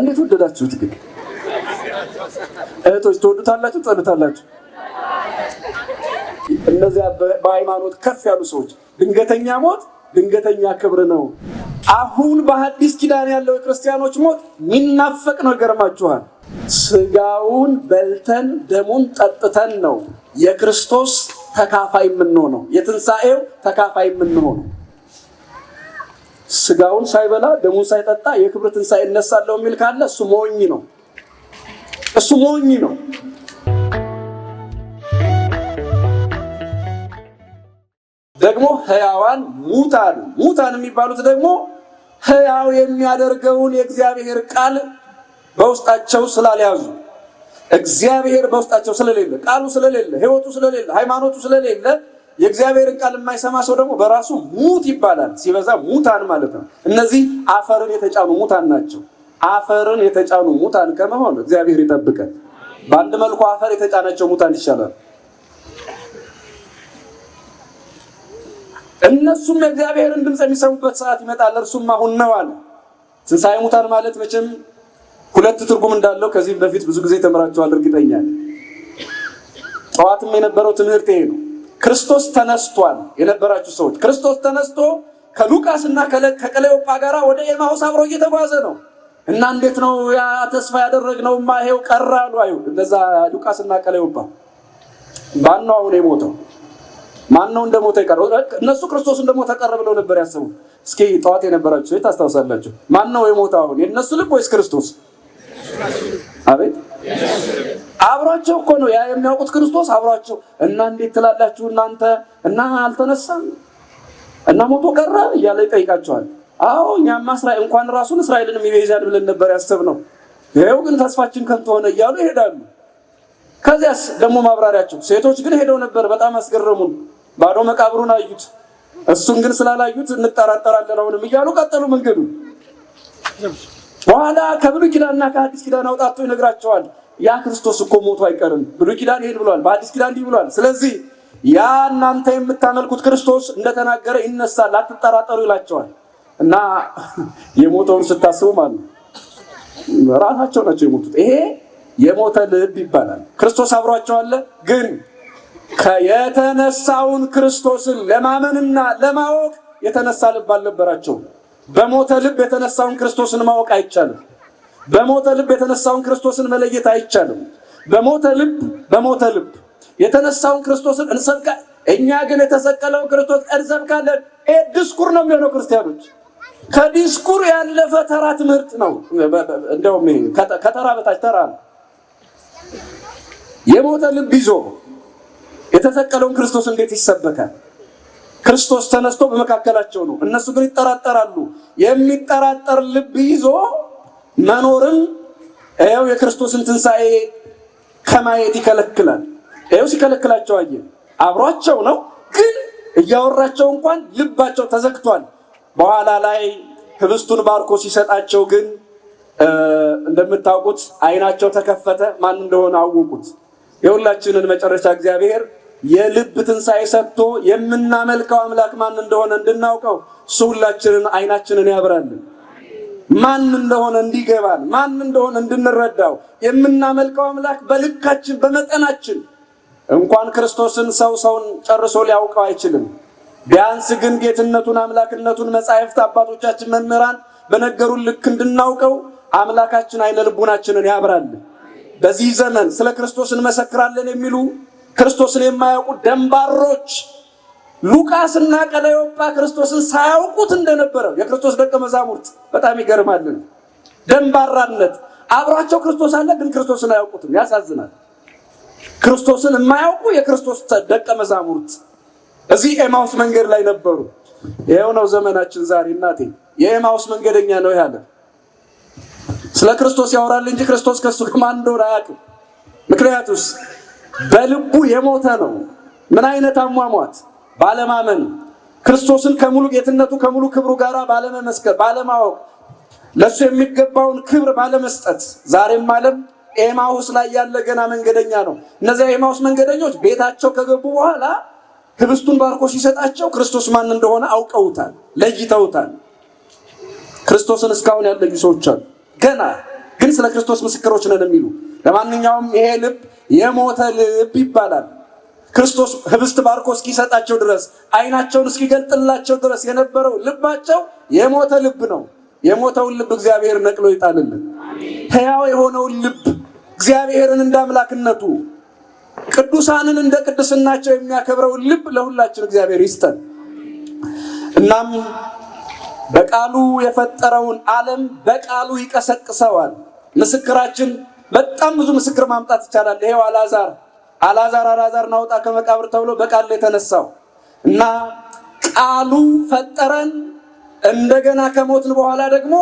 እንዴት ወደዳችሁት? ግን እህቶች ትወዱታላችሁ፣ ትጠሉታላችሁ። እነዚያ በሃይማኖት ከፍ ያሉ ሰዎች ድንገተኛ ሞት ድንገተኛ ክብር ነው። አሁን በሐዲስ ኪዳን ያለው የክርስቲያኖች ሞት የሚናፈቅ ነው። ይገርማችኋል። ስጋውን በልተን ደሙን ጠጥተን ነው የክርስቶስ ተካፋይ የምንሆነው፣ የትንሣኤው ተካፋይ የምንሆነው። ስጋውን ሳይበላ ደሙን ሳይጠጣ የክብር ትንሣኤ እነሳለሁ የሚል ካለ እሱ ሞኝ ነው። እሱ ሞኝ ነው። ደግሞ ህያዋን ሙታን ሙታን የሚባሉት ደግሞ ህያው የሚያደርገውን የእግዚአብሔር ቃል በውስጣቸው ስላልያዙ እግዚአብሔር በውስጣቸው ስለሌለ ቃሉ ስለሌለ ህይወቱ ስለሌለ ሃይማኖቱ ስለሌለ የእግዚአብሔርን ቃል የማይሰማ ሰው ደግሞ በራሱ ሙት ይባላል። ሲበዛ ሙታን ማለት ነው። እነዚህ አፈርን የተጫኑ ሙታን ናቸው። አፈርን የተጫኑ ሙታን ከመሆን እግዚአብሔር ይጠብቀን። በአንድ መልኩ አፈር የተጫናቸው ሙታን ይሻላል። እነሱም የእግዚአብሔርን ድምፅ የሚሰሙበት ሰዓት ይመጣል፣ እርሱም አሁን ነው አለ። ትንሣኤ ሙታን ማለት መቼም ሁለት ትርጉም እንዳለው ከዚህም በፊት ብዙ ጊዜ ተምራችኋል እርግጠኛ ጠዋትም የነበረው ትምህርት ይሄ ነው። ክርስቶስ ተነስቷል። የነበራችሁ ሰዎች ክርስቶስ ተነስቶ ከሉቃስ እና ከቀለዮጳ ጋር ወደ ኤማሁስ አብሮ እየተጓዘ ነው እና እንዴት ነው ያ ተስፋ ያደረግነውማ ይሄው ቀራ አሉ። አዩ እነዛ ሉቃስ እና ቀለዮጳ ማን ነው አሁን የሞተው? ማን ነው እንደሞተ የቀረ? እነሱ ክርስቶስ እንደሞተ ቀረ ብለው ነበር ያሰቡ። እስኪ ጠዋት የነበራችሁ ሰዎች ታስታውሳላችሁ። ማን ነው የሞተው አሁን? የእነሱ ልብ ወይስ ክርስቶስ? አቤት አብሯቸው እኮ ነው ያ የሚያውቁት ክርስቶስ አብሯቸው። እና እንዴት ትላላችሁ እናንተ እና አልተነሳም እና ሞቶ ቀረ እያለ ይጠይቃቸዋል። አዎ እኛማ እስራኤል እንኳን ራሱን እስራኤልንም ይበይዛል ብለን ነበር ያሰብነው፣ ይኸው ግን ተስፋችን ከንቱ ሆነ እያሉ ይሄዳሉ። ከዚያስ ደግሞ ማብራሪያቸው ሴቶች ግን ሄደው ነበር፣ በጣም አስገረሙን፣ ባዶ መቃብሩን አዩት። እሱን ግን ስላላዩት እንጠራጠራለን አሁንም እያሉ ቀጠሉ መንገዱ። በኋላ ከብሉይ ኪዳንና ከአዲስ ኪዳን አውጣቶ ይነግራቸዋል። ያ ክርስቶስ እኮ ሞቶ አይቀርም። ብሉይ ኪዳን ይሄን ብሏል፣ በአዲስ ኪዳን እንዲህ ብሏል። ስለዚህ ያ እናንተ የምታመልኩት ክርስቶስ እንደተናገረ ይነሳል፣ አትጠራጠሩ ይላቸዋል። እና የሞተውን ስታስቡ ማለት ራሳቸው ናቸው የሞቱት። ይሄ የሞተ ልብ ይባላል። ክርስቶስ አብሯቸው አለ። ግን የተነሳውን ክርስቶስን ለማመንና ለማወቅ የተነሳ ልብ አልነበራቸውም። በሞተ ልብ የተነሳውን ክርስቶስን ማወቅ አይቻልም። በሞተ ልብ የተነሳውን ክርስቶስን መለየት አይቻልም። በሞተ ልብ በሞተ ልብ የተነሳውን ክርስቶስን እንሰብካ፣ እኛ ግን የተሰቀለው ክርስቶስ እንሰብካለን። ይህ ዲስኩር ነው የሚሆነው ክርስቲያኖች። ከዲስኩር ያለፈ ተራ ትምህርት ነው። እንደውም ይሄ ከተራ በታች ተራ ነው። የሞተ ልብ ይዞ የተሰቀለውን ክርስቶስ እንዴት ይሰበካል? ክርስቶስ ተነስቶ በመካከላቸው ነው። እነሱ ግን ይጠራጠራሉ። የሚጠራጠር ልብ ይዞ መኖርን ይኸው የክርስቶስን ትንሣኤ ከማየት ይከለክላል። ይኸው ሲከለክላቸው አየ። አብሯቸው ነው፣ ግን እያወራቸው እንኳን ልባቸው ተዘግቷል። በኋላ ላይ ህብስቱን ባርኮ ሲሰጣቸው ግን እንደምታውቁት አይናቸው ተከፈተ። ማን እንደሆነ አወቁት። የሁላችንን መጨረሻ እግዚአብሔር የልብ ትንሣኤ ሰጥቶ የምናመልከው አምላክ ማን እንደሆነ እንድናውቀው እሱ ሁላችንን አይናችንን ያብራልን። ማን እንደሆነ እንዲገባን ማን እንደሆነ እንድንረዳው የምናመልከው አምላክ በልካችን በመጠናችን እንኳን ክርስቶስን ሰው ሰውን ጨርሶ ሊያውቀው አይችልም። ቢያንስ ግን ጌትነቱን አምላክነቱን መጻሕፍት አባቶቻችን መምህራን በነገሩን ልክ እንድናውቀው አምላካችን አይነ ልቡናችንን ያብራል። በዚህ ዘመን ስለ ክርስቶስ እንመሰክራለን የሚሉ ክርስቶስን የማያውቁ ደንባሮች ሉቃስና ቀለዮጳ ክርስቶስን ሳያውቁት እንደነበረ የክርስቶስ ደቀ መዛሙርት በጣም ይገርማልን። ደንባራነት አብሯቸው ክርስቶስ አለ፣ ግን ክርስቶስን አያውቁትም። ያሳዝናል። ክርስቶስን የማያውቁ የክርስቶስ ደቀ መዛሙርት እዚህ ኤማውስ መንገድ ላይ ነበሩ። ይኸው ነው ዘመናችን ዛሬ። እናቴ የኤማውስ መንገደኛ ነው ያለ። ስለ ክርስቶስ ያወራል እንጂ ክርስቶስ ከሱ ከማን እንደሆነ አያውቅም። ምክንያቱስ በልቡ የሞተ ነው። ምን አይነት አሟሟት ባለማመን ክርስቶስን ከሙሉ ጌትነቱ ከሙሉ ክብሩ ጋር ባለመመስከር፣ ባለማወቅ፣ ለእሱ የሚገባውን ክብር ባለመስጠት ዛሬም ዓለም ኤማውስ ላይ ያለ ገና መንገደኛ ነው። እነዚያ ኤማውስ መንገደኞች ቤታቸው ከገቡ በኋላ ህብስቱን ባርኮ ሲሰጣቸው ክርስቶስ ማን እንደሆነ አውቀውታል፣ ለይተውታል። ክርስቶስን እስካሁን ያለዩ ሰዎች አሉ። ገና ግን ስለ ክርስቶስ ምስክሮች ነን የሚሉ ለማንኛውም ይሄ ልብ የሞተ ልብ ይባላል። ክርስቶስ ህብስት ባርኮ እስኪሰጣቸው ድረስ አይናቸውን እስኪገልጥላቸው ድረስ የነበረው ልባቸው የሞተ ልብ ነው። የሞተውን ልብ እግዚአብሔር ነቅሎ ይጣልልን። ሕያው የሆነውን ልብ እግዚአብሔርን እንደ አምላክነቱ ቅዱሳንን እንደ ቅድስናቸው የሚያከብረውን ልብ ለሁላችን እግዚአብሔር ይስጠን። እናም በቃሉ የፈጠረውን ዓለም በቃሉ ይቀሰቅሰዋል። ምስክራችን በጣም ብዙ ምስክር ማምጣት ይቻላል። ይሄው አልዓዛር አላዛር አልዓዛር ናውጣ ከመቃብር ተብሎ በቃል የተነሳው እና ቃሉ ፈጠረን። እንደገና ከሞትን በኋላ ደግሞ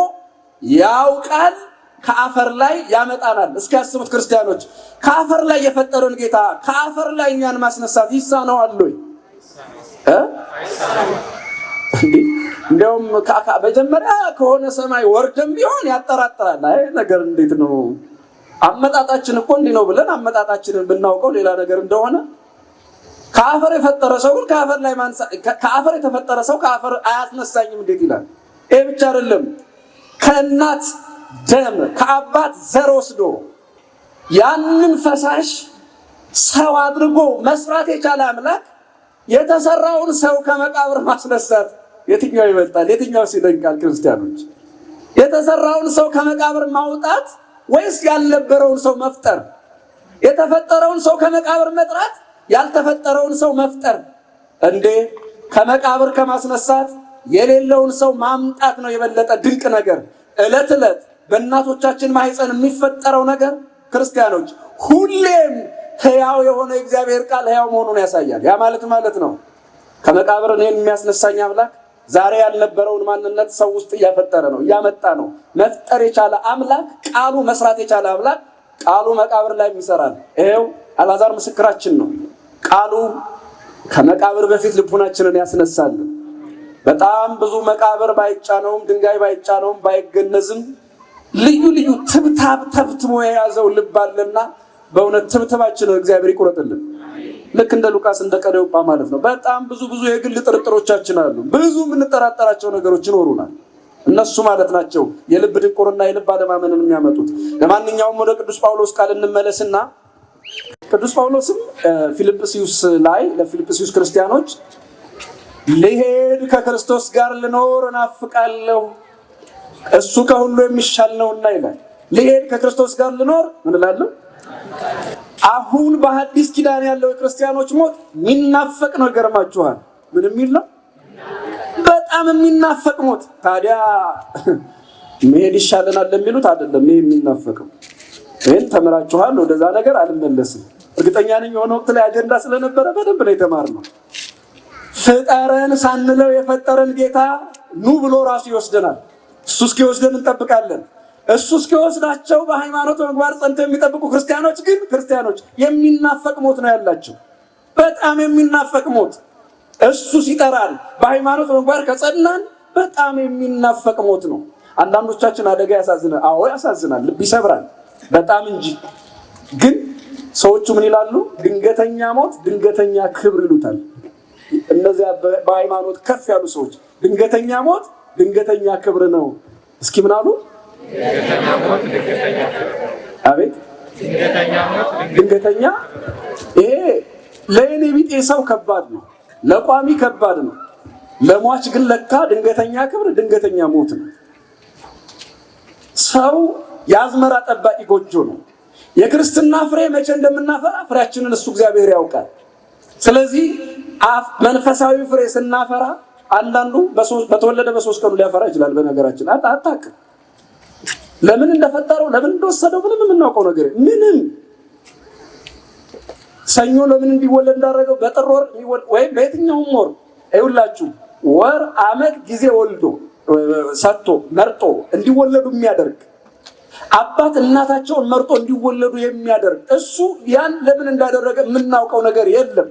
ያው ቃል ከአፈር ላይ ያመጣናል። ያስቡት ክርስቲያኖች፣ ከአፈር ላይ የፈጠረን ጌታ ከአፈር ላይ እኛን ማስነሳት ይሳነዋል ወይ? እንዲያውም መጀመሪያ ከሆነ ሰማይ ወርደን ቢሆን ያጠራጥራል። አይ ነገር እንዴት ነው አመጣጣችን እኮ እንዲህ ነው ብለን አመጣጣችንን ብናውቀው ሌላ ነገር እንደሆነ ከአፈር የፈጠረ ሰው ግን ከአፈር ላይ ማንሳ ከአፈር የተፈጠረ ሰው ከአፈር አያስነሳኝም እንዴት ይላል? ይህ ብቻ አይደለም። ከእናት ደም ከአባት ዘር ወስዶ ያንን ፈሳሽ ሰው አድርጎ መስራት የቻለ አምላክ የተሰራውን ሰው ከመቃብር ማስነሳት የትኛው ይበልጣል? የትኛው ሲደንቃል? ክርስቲያኖች የተሰራውን ሰው ከመቃብር ማውጣት ወይስ ያልነበረውን ሰው መፍጠር? የተፈጠረውን ሰው ከመቃብር መጥራት፣ ያልተፈጠረውን ሰው መፍጠር እንዴ! ከመቃብር ከማስነሳት የሌለውን ሰው ማምጣት ነው የበለጠ ድንቅ ነገር። ዕለት ዕለት በእናቶቻችን ማህፀን የሚፈጠረው ነገር ክርስቲያኖች ሁሌም ሕያው የሆነ የእግዚአብሔር ቃል ሕያው መሆኑን ያሳያል። ያ ማለት ማለት ነው ከመቃብር እኔን የሚያስነሳኝ አምላክ ዛሬ ያልነበረውን ማንነት ሰው ውስጥ እያፈጠረ ነው፣ እያመጣ ነው። መፍጠር የቻለ አምላክ ቃሉ መስራት የቻለ አምላክ ቃሉ መቃብር ላይ ይሰራል። ይሄው አላዛር ምስክራችን ነው። ቃሉ ከመቃብር በፊት ልቡናችንን ያስነሳል። በጣም ብዙ መቃብር ባይጫነውም ድንጋይ ባይጫነውም ባይገነዝም ልዩ ልዩ ትብታብ ተብትሞ የያዘው ልብ አለና በእውነት ትብትባችንን እግዚአብሔር ይቁረጥልን። ልክ እንደ ሉቃስ እንደ ቀለዮጳ ማለት ነው። በጣም ብዙ ብዙ የግል ጥርጥሮቻችን አሉ። ብዙ የምንጠራጠራቸው ነገሮች ይኖሩናል። እነሱ ማለት ናቸው የልብ ድንቁርና የልብ አለማመንን የሚያመጡት። ለማንኛውም ወደ ቅዱስ ጳውሎስ ቃል እንመለስና ቅዱስ ጳውሎስም ፊልጵስዩስ ላይ ለፊልጵስዩስ ክርስቲያኖች ልሄድ ከክርስቶስ ጋር ልኖር እናፍቃለሁ እሱ ከሁሉ የሚሻል ነውና ይላል። ልሄድ ከክርስቶስ ጋር ልኖር ምን እላለሁ አሁን በሐዲስ ኪዳን ያለው የክርስቲያኖች ሞት የሚናፈቅ ነው። ገርማችኋል። ምን የሚል ነው? በጣም የሚናፈቅ ሞት። ታዲያ መሄድ ይሻለናል ለሚሉት አይደለም ይሄ የሚናፈቅም። ይህን ተምራችኋል። ወደዛ ነገር አልመለስም። እርግጠኛ ነኝ የሆነ ወቅት ላይ አጀንዳ ስለነበረ በደንብ ነው የተማርነው። ፍጠረን ሳንለው የፈጠረን ጌታ ኑ ብሎ ራሱ ይወስደናል። እሱ እስኪወስደን እንጠብቃለን። እሱ እስኪወስዳቸው በሃይማኖት በምግባር ጸንተው የሚጠብቁ ክርስቲያኖች ግን ክርስቲያኖች የሚናፈቅ ሞት ነው ያላቸው። በጣም የሚናፈቅ ሞት እሱ ሲጠራል በሃይማኖት በምግባር ከጸናን በጣም የሚናፈቅ ሞት ነው። አንዳንዶቻችን አደጋ ያሳዝናል። አዎ ያሳዝናል፣ ልብ ይሰብራል በጣም እንጂ። ግን ሰዎቹ ምን ይላሉ? ድንገተኛ ሞት ድንገተኛ ክብር ይሉታል። እነዚያ በሃይማኖት ከፍ ያሉ ሰዎች ድንገተኛ ሞት ድንገተኛ ክብር ነው። እስኪ ምን አሉ? አቤት ድንገተኛ። ይሄ ለእኔ ቢጤ ሰው ከባድ ነው፣ ለቋሚ ከባድ ነው። ለሟች ግን ለካ ድንገተኛ ክብር፣ ድንገተኛ ሞት ነው። ሰው የአዝመራ ጠባቂ ጎጆ ነው። የክርስትና ፍሬ መቼ እንደምናፈራ ፍሬያችንን እሱ እግዚአብሔር ያውቃል። ስለዚህ መንፈሳዊ ፍሬ ስናፈራ አንዳንዱ በተወለደ በሶስት ቀኑ ሊያፈራ ይችላል። በነገራችን አታውቅም። ለምን እንደፈጠረው ለምን እንደወሰደው ምንም የምናውቀው ነገር ምንም። ሰኞ ለምን እንዲወለድ እንዳደረገው በጥር ወር ወይም በየትኛውም ወር ይውላችሁ ወር አመት ጊዜ ወልዶ ሰጥቶ መርጦ እንዲወለዱ የሚያደርግ አባት እናታቸውን መርጦ እንዲወለዱ የሚያደርግ እሱ ያን ለምን እንዳደረገ የምናውቀው ነገር የለም።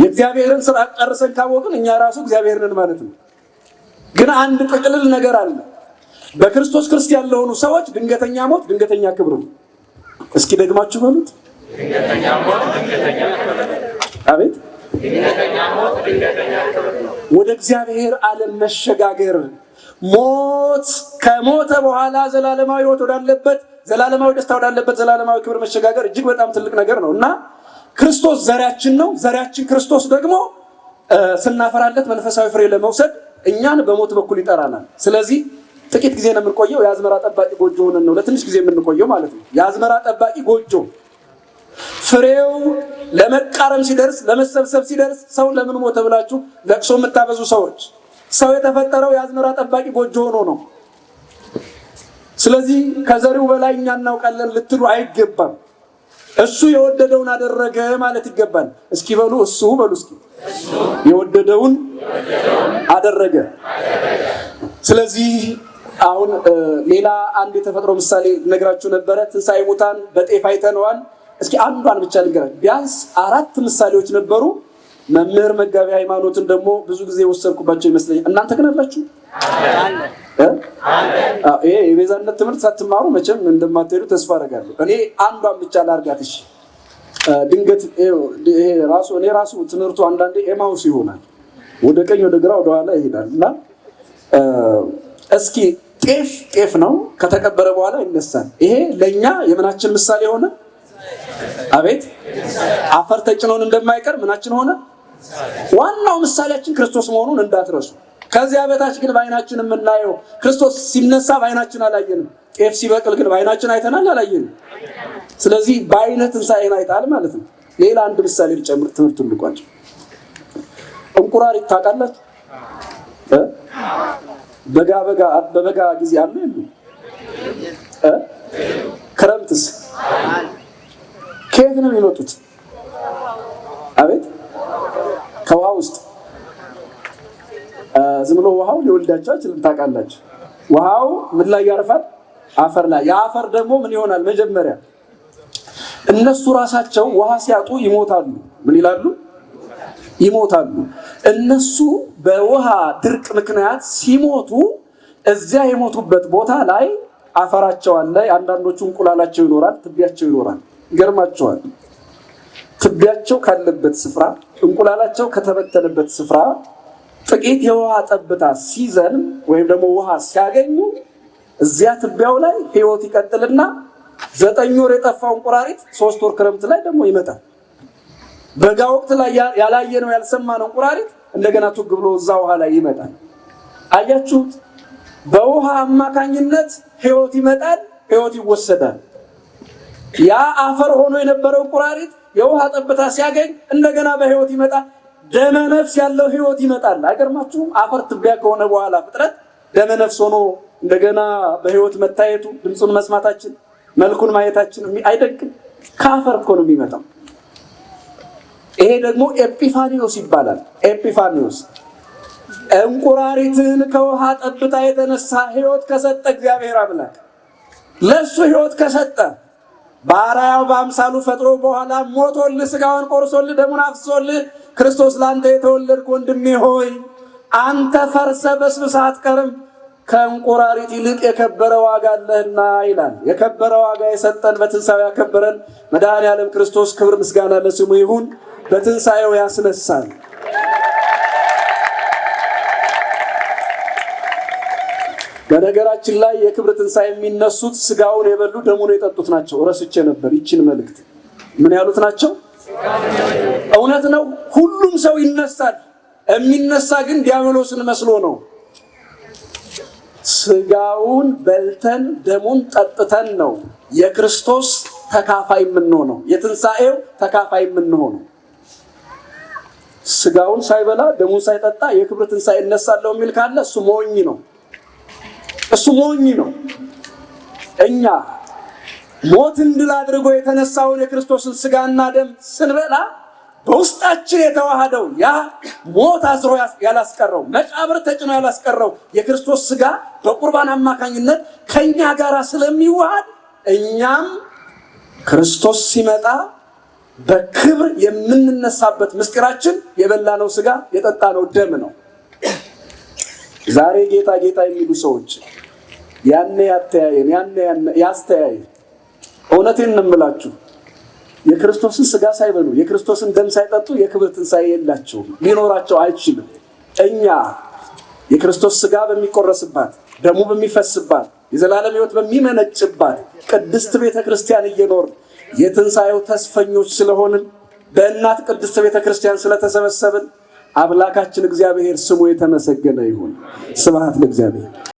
የእግዚአብሔርን ስራ ጨርሰን ካወቅን እኛ ራሱ እግዚአብሔርን ማለት ነው። ግን አንድ ጥቅልል ነገር አለ። በክርስቶስ ክርስቲያን ለሆኑ ሰዎች ድንገተኛ ሞት ድንገተኛ ክብር ነው። እስኪ ደግማችሁ በሉት። ድንገተኛ ሞት ድንገተኛ ክብር ነው። አቤት ድንገተኛ ሞት ድንገተኛ ክብር ነው። ወደ እግዚአብሔር ዓለም መሸጋገር ሞት ከሞተ በኋላ ዘላለማዊ ሕይወት ወዳለበት ዘላለማዊ ደስታ ወዳለበት ዘላለማዊ ክብር መሸጋገር እጅግ በጣም ትልቅ ነገር ነው እና ክርስቶስ ዘሪያችን ነው። ዘሪያችን ክርስቶስ ደግሞ ስናፈራለት መንፈሳዊ ፍሬ ለመውሰድ እኛን በሞት በኩል ይጠራናል። ስለዚህ ጥቂት ጊዜ ነው የምንቆየው። የአዝመራ ጠባቂ ጎጆ ሆነን ነው ለትንሽ ጊዜ የምንቆየው ማለት ነው። የአዝመራ ጠባቂ ጎጆ ፍሬው ለመቃረም ሲደርስ፣ ለመሰብሰብ ሲደርስ ሰው ለምን ሞተ ብላችሁ ለቅሶ የምታበዙ ሰዎች ሰው የተፈጠረው የአዝመራ ጠባቂ ጎጆ ሆኖ ነው። ስለዚህ ከዘሪው በላይ እኛ እናውቃለን ልትሉ አይገባም። እሱ የወደደውን አደረገ ማለት ይገባል። እስኪ በሉ እሱ በሉ እስኪ የወደደውን አደረገ። ስለዚህ አሁን ሌላ አንድ የተፈጥሮ ምሳሌ ነግራችሁ ነበረ። ትንሳኤ ሙታን በጤፍ አይተነዋል። እስኪ አንዷን ብቻ ልንገራችሁ። ቢያንስ አራት ምሳሌዎች ነበሩ። መምህር መጋቢ ሃይማኖትን ደግሞ ብዙ ጊዜ የወሰድኩባቸው ይመስለኛል። እናንተ ግን አላችሁ። ይሄ የቤዛነት ትምህርት ሳትማሩ መቼም እንደማትሄዱ ተስፋ አደርጋለሁ። እኔ አንዷን ብቻ ላርጋት። እሺ ድንገት ራሱ እኔ ራሱ ትምህርቱ አንዳንዴ ኤማውስ ይሆናል፣ ወደ ቀኝ ወደ ግራ ወደኋላ ይሄዳል እና እስኪ ጤፍ ጤፍ ነው፣ ከተቀበረ በኋላ ይነሳል። ይሄ ለእኛ የምናችን ምሳሌ ሆነ። አቤት አፈር ተጭኖን እንደማይቀር ምናችን ሆነ። ዋናው ምሳሌያችን ክርስቶስ መሆኑን እንዳትረሱ። ከዚያ በታች ግን በአይናችን የምናየው ክርስቶስ ሲነሳ በአይናችን አላየንም። ጤፍ ሲበቅል ግን በአይናችን አይተናል፣ አላየንም። ስለዚህ በዓይነ ትንሣኤን አይተሃል ማለት ነው። ሌላ አንድ ምሳሌ ልጨምር፣ ትምህርት ልቋጭ። እንቁራሪት ታውቃላችሁ? በጋ በጋ በበጋ ጊዜ አሉ የሉ? ክረምትስ ከየት ነው የሚመጡት? አቤት ከውሃ ውስጥ ዝም ብሎ ውሃው ሊወልዳቸው አይችልም። ታውቃላችሁ፣ ውሃው ምን ላይ ያርፋል? አፈር ላይ። የአፈር ደግሞ ምን ይሆናል? መጀመሪያ እነሱ ራሳቸው ውሃ ሲያጡ ይሞታሉ። ምን ይላሉ? ይሞታሉ። እነሱ በውሃ ድርቅ ምክንያት ሲሞቱ እዚያ የሞቱበት ቦታ ላይ አፈራቸው አለ። አንዳንዶቹ እንቁላላቸው ይኖራል፣ ትቢያቸው ይኖራል። ይገርማቸዋል። ትቢያቸው ካለበት ስፍራ እንቁላላቸው ከተበተነበት ስፍራ ጥቂት የውሃ ጠብታ ሲዘን ወይም ደግሞ ውሃ ሲያገኙ እዚያ ትቢያው ላይ ህይወት ይቀጥልና ዘጠኝ ወር የጠፋው እንቁራሪት ሶስት ወር ክረምት ላይ ደግሞ ይመጣል። በጋ ወቅት ላይ ያላየነው ያልሰማነው እንቁራሪት እንደገና ቱግ ብሎ እዛ ውሃ ላይ ይመጣል። አያችሁት? በውሃ አማካኝነት ህይወት ይመጣል፣ ህይወት ይወሰዳል። ያ አፈር ሆኖ የነበረው እንቁራሪት የውሃ ጠብታ ሲያገኝ እንደገና በህይወት ይመጣል። ደመ ነፍስ ያለው ህይወት ይመጣል። አይገርማችሁም? አፈር ትቢያ ከሆነ በኋላ ፍጥረት ደመ ነፍስ ሆኖ እንደገና በህይወት መታየቱ ድምፁን መስማታችን መልኩን ማየታችን አይደግም። ከአፈር እኮ ነው የሚመጣው። ይሄ ደግሞ ኤጲፋኒዮስ ይባላል። ኤጲፋኒዮስ እንቁራሪትን ከውሃ ጠብታ የተነሳ ህይወት ከሰጠ እግዚአብሔር አምላክ ለሱ ህይወት ከሰጠ በአርአያው በአምሳሉ ፈጥሮ በኋላ ሞቶልህ፣ ስጋውን ቆርሶልህ፣ ደሙን አፍሶልህ ክርስቶስ ለአንተ የተወለድክ ወንድሜ ሆይ አንተ ፈርሰ በስብስ አትቀርም ከእንቁራሪት ይልቅ የከበረ ዋጋ አለህና ይላል። የከበረ ዋጋ የሰጠን በትንሣኤው ያከበረን መድኃኔ ያለም ክርስቶስ ክብር ምስጋና ለስሙ ይሁን። በትንሣኤው ያስነሳል። በነገራችን ላይ የክብር ትንሣኤ የሚነሱት ስጋውን የበሉ ደሙን የጠጡት ናቸው። ረስቼ ነበር ይችን መልእክት። ምን ያሉት ናቸው? እውነት ነው፣ ሁሉም ሰው ይነሳል። የሚነሳ ግን ዲያብሎስን መስሎ ነው። ስጋውን በልተን ደሙን ጠጥተን ነው የክርስቶስ ተካፋይ የምንሆነው፣ የትንሣኤው ተካፋይ የምንሆነው። ስጋውን ሳይበላ ደሙን ሳይጠጣ የክብር ትንሣኤ እነሳለሁ የሚል ካለ እሱ ሞኝ ነው። እሱ ሞኝ ነው። እኛ ሞትን ድል አድርጎ የተነሳውን የክርስቶስን ስጋና ደም ስንበላ በውስጣችን የተዋሃደው ያ ሞት አስሮ ያላስቀረው መቃብር ተጭኖ ያላስቀረው የክርስቶስ ስጋ በቁርባን አማካኝነት ከኛ ጋር ስለሚዋሃድ እኛም ክርስቶስ ሲመጣ በክብር የምንነሳበት ምስጢራችን የበላነው ስጋ የጠጣነው ደም ነው። ዛሬ ጌታ ጌታ የሚሉ ሰዎች ያኔ ያተያየን ያኔ ያስተያየን። እውነቴን ነው የክርስቶስን ስጋ ሳይበሉ የክርስቶስን ደም ሳይጠጡ የክብር ትንሣኤ የላቸው ሊኖራቸው አይችልም። እኛ የክርስቶስ ስጋ በሚቆረስባት ደሙ በሚፈስባት የዘላለም ሕይወት በሚመነጭባት ቅድስት ቤተ ክርስቲያን እየኖርን የትንሣኤው ተስፈኞች ስለሆንን በእናት ቅድስት ቤተ ክርስቲያን ስለተሰበሰብን አምላካችን እግዚአብሔር ስሙ የተመሰገነ ይሁን። ስብሐት ለእግዚአብሔር።